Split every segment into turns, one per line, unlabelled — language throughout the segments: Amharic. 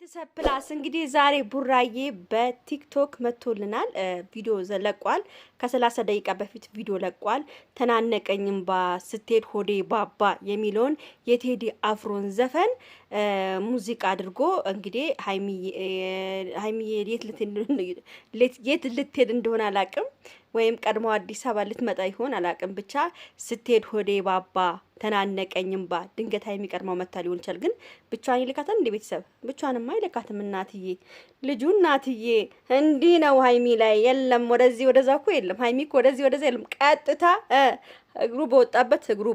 ቤተሰብ ፕላስ እንግዲህ ዛሬ ቡራዬ በቲክቶክ መጥቶልናል። ቪዲዮ ለቋል። ከሰላሳ ደቂቃ በፊት ቪዲዮ ለቋል። ተናነቀኝም ባ ስትሄድ ሆዴ ባባ የሚለውን የቴዲ አፍሮን ዘፈን ሙዚቃ አድርጎ እንግዲህ ሀይሚዬ የት ልትሄድ እንደሆነ አላቅም፣ ወይም ቀድሞ አዲስ አበባ ልትመጣ ይሆን አላቅም። ብቻ ስትሄድ ሆዴ ባባ ተናነቀኝም ባ ድንገት ሀይሚ ቀድማው መታ ሊሆን ይችላል። ግን ብቻዋን ይልካታል እንደ ቤተሰብ ብቻዋንማ አይልካትም። እናትዬ ልጁ እናትዬ እንዲህ ነው። ሀይሚ ላይ የለም ወደዚህ ወደዛ እኮ የለም። ሀይሚ ወደዚህ ወደዛ የለም። ቀጥታ እግሩ በወጣበት እግሩ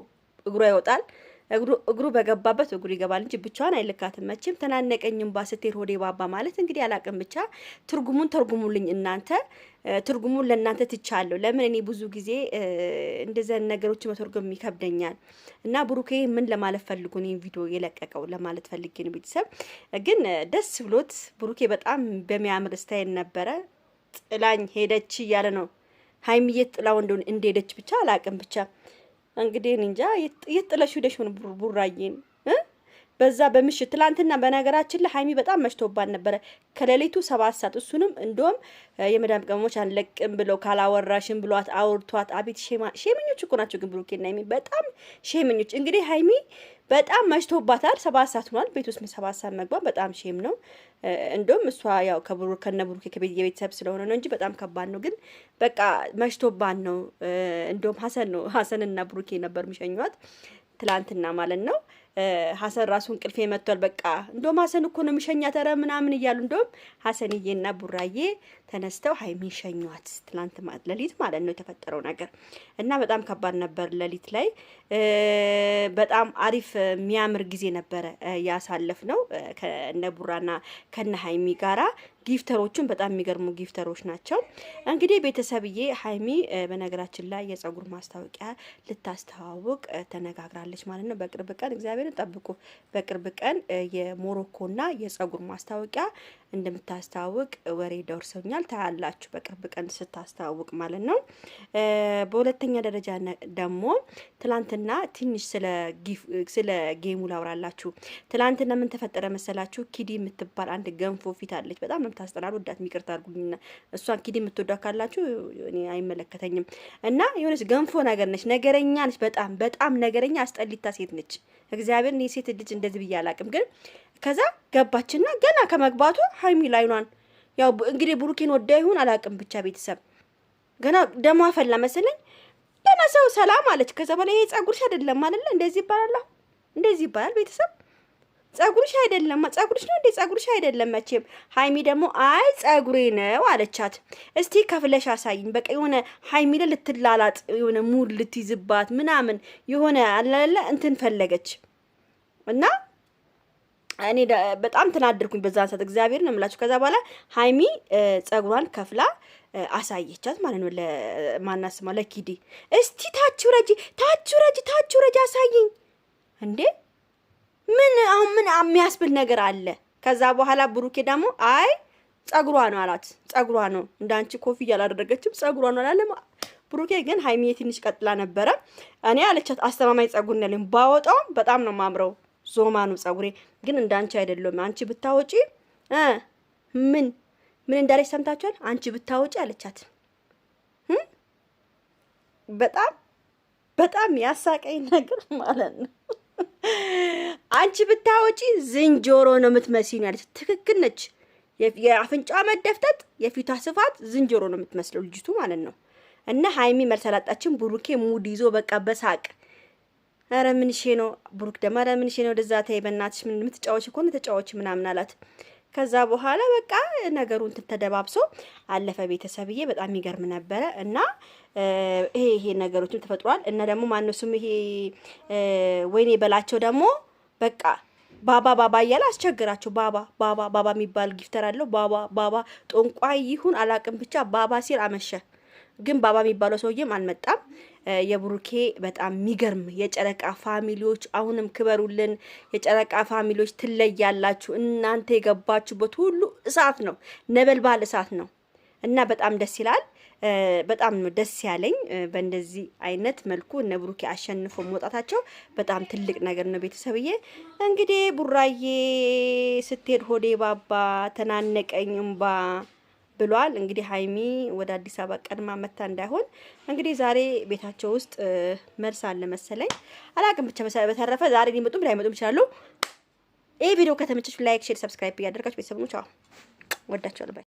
እግሯ ይወጣል። እግሩ በገባበት እግሩ ይገባል እንጂ ብቻዋን አይልካትም። መቼም ተናነቀኝም ባስቴር ሆዴ ባባ ማለት እንግዲህ አላቅም። ብቻ ትርጉሙን ተርጉሙልኝ እናንተ ትርጉሙን ለእናንተ ትቻለሁ። ለምን እኔ ብዙ ጊዜ እንደዚያን ነገሮች መተርጎም ይከብደኛል። እና ብሩኬ ምን ለማለት ፈልጉ ነው ቪዲዮ የለቀቀው ለማለት ፈልጌ ነው። ቤተሰብ ግን ደስ ብሎት ብሩኬ በጣም በሚያምር ስታይል ነበረ። ጥላኝ ሄደች እያለ ነው ሀይሚየት ጥላው እንደሆነ እንደሄደች ብቻ አላቅም ብቻ እንግዲህ እንጃ የት ጥለሽ ሄደሽ ሆነ ቡራዬን በዛ በምሽት ትላንትና፣ በነገራችን ላይ ሀይሚ በጣም መሽቶባት ነበረ ከሌሊቱ ሰባት ሰዓት። እሱንም እንደውም የመዳም ቅመሞች አንለቅም ብለው ካላወራሽም ብሏት አውርቷት። አቤት ሼማ ሼመኞች እኮ ናቸው ግን ብሩኬና ሀይሚ በጣም ሼመኞች። እንግዲህ ሀይሚ በጣም መሽቶባታል። ሰባት ሰዓት ሆኗል። ቤት ውስጥ ሰባት ሰዓት መግባት በጣም ሼም ነው። እንዲሁም እሷ ያው ከብሩ ከነ ብሩ ከቤት የቤተሰብ ስለሆነ ነው እንጂ በጣም ከባድ ነው። ግን በቃ መሽቶባት ነው። እንደውም ሀሰን ነው ሀሰንና ብሩኬ ነበር የሚሸኟት ትላንትና ማለት ነው። ሀሰን ራሱ እንቅልፌ መጥቷል። በቃ እንደውም ሀሰን እኮ ነው የሚሸኛ ተረ ምናምን እያሉ እንደውም ሀሰንዬና ቡራዬ ተነስተው ሀይሚን ሸኟት። ትላንት ለሊት ማለት ነው የተፈጠረው ነገር እና በጣም ከባድ ነበር። ለሊት ላይ በጣም አሪፍ የሚያምር ጊዜ ነበረ ያሳለፍ ነው ከነ ቡራና ከነ ሀይሚ ጋራ ጊፍተሮቹን በጣም የሚገርሙ ጊፍተሮች ናቸው። እንግዲህ ቤተሰብዬ ሀይሚ በነገራችን ላይ የጸጉር ማስታወቂያ ልታስተዋውቅ ተነጋግራለች ማለት ነው። በቅርብ ቀን እግዚአብሔርን ጠብቁ። በቅርብ ቀን የሞሮኮና የጸጉር ማስታወቂያ እንደምታስተዋውቅ ወሬ ደርሰውኛል። ታያላችሁ በቅርብ ቀን ስታስተዋውቅ ማለት ነው። በሁለተኛ ደረጃ ደግሞ ትላንትና ትንሽ ስለ ጌሙ ላውራላችሁ። ትላንትና ምን ተፈጠረ መሰላችሁ? ኪዲ የምትባል አንድ ገንፎ ፊት አለች። በጣም ነው የምታስጠላል። ወዳት ሚቅርት አድርጉኝና እሷን ኪዲ የምትወዳ ካላችሁ እኔ አይመለከተኝም። እና የሆነች ገንፎ ነገር ነች፣ ነገረኛ ነች። በጣም በጣም ነገረኛ አስጠሊታ ሴት ነች። እግዚአብሔር ሴት ልጅ እንደዚህ ብዬ አላቅም ግን ከዛ ገባችና ገና ከመግባቱ ሀይሚ ላይኗን ያው እንግዲህ ብሩኬን ወዳ ይሁን አላውቅም፣ ብቻ ቤተሰብ ገና ደሞ ፈላ መሰለኝ። ገና ሰው ሰላም አለች። ከዛ በላይ ይሄ ጸጉርሽ አይደለም አለ። እንደዚህ ይባላል፣ እንደዚህ ይባላል። ቤተሰብ ጸጉርሽ አይደለም ጸጉርሽ ነው እንዴ? ጸጉርሽ አይደለም መቼም። ሀይሚ ደግሞ አይ ጸጉሬ ነው አለቻት። እስቲ ከፍለሽ አሳይኝ። በቃ የሆነ ሀይሚ ላይ ልትላላጥ የሆነ ሙድ ልትይዝባት ምናምን የሆነ አላለለ እንትን ፈለገች እና እኔ በጣም ተናደርኩኝ በዛን ሰዓት ነው እምላችሁ። ከዛ በኋላ ሀይሚ ጸጉሯን ከፍላ አሳየቻት ማለት ነው። ለማናስማ ለኪዲ እስቲ ታች ረጂ ታች ረጂ ታች ረጂ አሳየኝ እንዴ! ምን አሁን ምን የሚያስብል ነገር አለ? ከዛ በኋላ ብሩኬ ደግሞ አይ ጸጉሯ ነው አላት። ጸጉሯ ነው እንዳንቺ ኮፍያ አላደረገችም፣ ጸጉሯ ነው አላለም። ብሩኬ ግን ሀይሚ ትንሽ ቀጥላ ነበረ። እኔ አለቻት አስተማማኝ ጸጉር ነው ባወጣውም በጣም ነው ማምረው ዞማኑ ነው ጸጉሬ ግን እንዳንቺ አይደለም። አንቺ ብታወጪ ምን ምን እንዳለች ሰምታችኋል? አንቺ ብታወጪ አለቻት። በጣም በጣም ያሳቀኝ ነገር ማለት ነው። አንቺ ብታወጪ ዝንጀሮ ነው የምትመስይ ነው ያለች። ትክክል ነች። የአፍንጫ መደፍጠጥ፣ የፊቷ ስፋት ዝንጀሮ ነው የምትመስለው ልጅቱ ማለት ነው። እና ሀይሚ መልስ አላጣችም። ቡሩኬ ሙድ ይዞ በቃ በሳቅ ኧረ ምንሼ ነው? ብሩክ ደግሞ ኧረ ምንሼ ነው? ወደዛ ተይ በእናትሽ፣ ምን የምትጫወች ነው ተጫወች ምናምን አላት። ከዛ በኋላ በቃ ነገሩ እንትን ተደባብሶ አለፈ። ቤተሰብዬ በጣም የሚገርም ነበረ እና ይሄ ይሄ ነገሮችም ተፈጥሯል እና ደግሞ ማነሱም ይሄ ወይኔ በላቸው ደግሞ በቃ ባባ ባባ እያለ አስቸግራቸው። ባባ ባባ ባባ የሚባል ጊፍተር አለው። ባባ ባባ ጦንቋይ ይሁን አላቅም ብቻ ባባ ሲል አመሸ። ግን ባባ የሚባለው ሰውዬም አልመጣም። የብሩኬ በጣም የሚገርም የጨረቃ ፋሚሊዎች አሁንም ክበሩልን። የጨረቃ ፋሚሊዎች ትለያላችሁ። እናንተ የገባችሁበት ሁሉ እሳት ነው፣ ነበልባል እሳት ነው እና በጣም ደስ ይላል። በጣም ነው ደስ ያለኝ። በእንደዚህ አይነት መልኩ እነ ብሩኬ አሸንፎ መውጣታቸው በጣም ትልቅ ነገር ነው። ቤተሰብዬ እንግዲህ ቡራዬ ስትሄድ ሆዴ ባባ ተናነቀኝ እምባ ብሏል። እንግዲህ ሀይሚ ወደ አዲስ አበባ ቀድማ መታ እንዳይሆን እንግዲህ ዛሬ ቤታቸው ውስጥ መልስ አለ መሰለኝ አላቅም። ብቻ በተረፈ ዛሬ ሊመጡም ላይመጡም ይችላሉ። ይህ ቪዲዮ ከተመቸች ላይክ፣ ሼር፣ ሰብስክራይብ እያደረጋችሁ ቤተሰቡ ነው። ቻው፣ ወዳችኋለሁ።